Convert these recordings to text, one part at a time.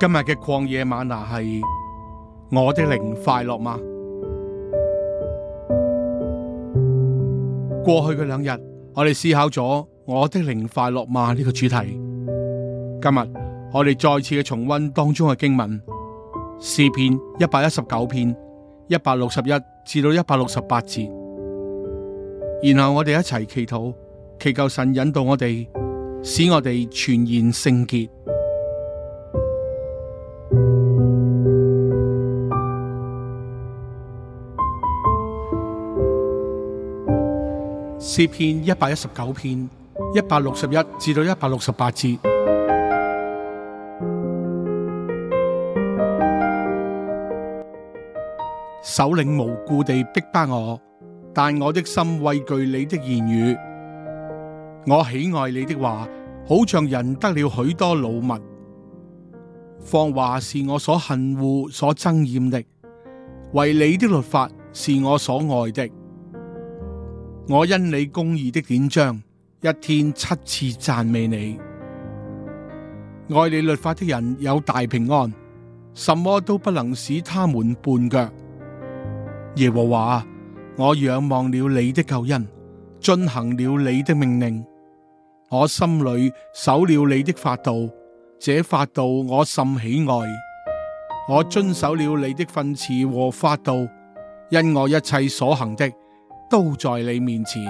今日嘅曠野嗎哪係我的靈快樂嗎？過去嘅兩日，我哋思考咗我的靈快樂嗎呢這個主題。今日我哋再次嘅重溫當中嘅經文詩篇一百一十九篇一百六十一至到一百六十八節，然後我哋一齊祈禱，祈求神引導我哋，使我哋全然聖潔。詩篇一百一十九篇一百六十一至到一百六十八節。首領無故地逼迫我，但我的心畏懼你的言語。我喜愛你的話，好像人得了許多禮物。放話是我所恨惡、所憎厭的，為你的律法是我所愛的。我因你公義的典章，一天七次贊美你。愛你律法的人有大平安，什麼都不能使他們絆腳。耶和華，我仰望了你的救恩，遵行了你的命令，我心裏守了你的法度，這法度我甚喜愛。我遵守了你的訓詞和法度，因我一切所行的。都在你面前。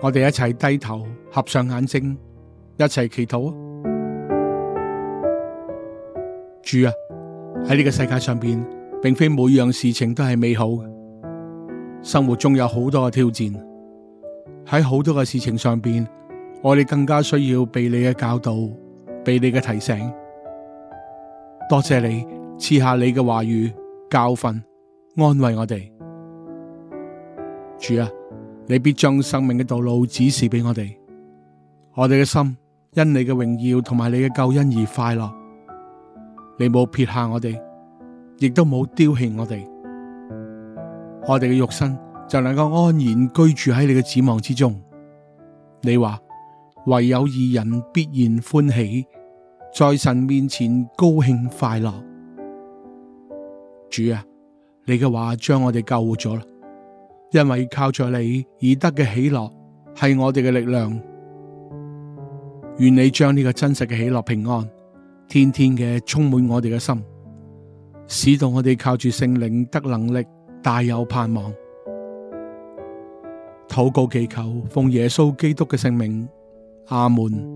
我哋一齊低頭，合上眼睛，一齊祈禱啊！主啊，喺呢個世界上邊，並非每樣事情都係美好，生活中有好多嘅挑戰，喺好多嘅事情上邊，我哋更加需要被你嘅教導，被你嘅提醒。多謝你賜下你嘅話語、教訓、安慰我哋。主啊！你必將生命嘅道路指示俾我哋，我哋嘅心因你嘅榮耀同埋你嘅救恩而快樂。你冇撇下我哋，亦都冇丟棄我哋，我哋嘅肉身就能夠安然居住喺你嘅指望之中。你話唯有義人必然歡喜，在神面前高興快樂。主啊，你嘅話將我哋救咗啦。因為靠住你而得嘅喜樂係我哋嘅力量，願你將呢個真實嘅喜樂平安，天天嘅充滿我哋嘅心，使到我哋靠住聖靈得能力，大有盼望。禱告祈求，奉耶穌基督嘅聖名，阿門。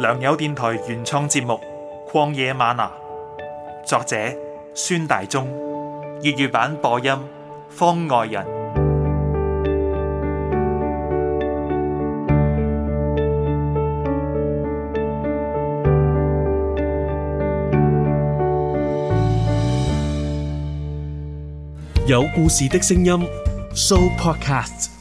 良友電台原創節目《曠野嗎哪》，作者孫大中，粵語版播音方外人，有故事的聲音，Show Podcast。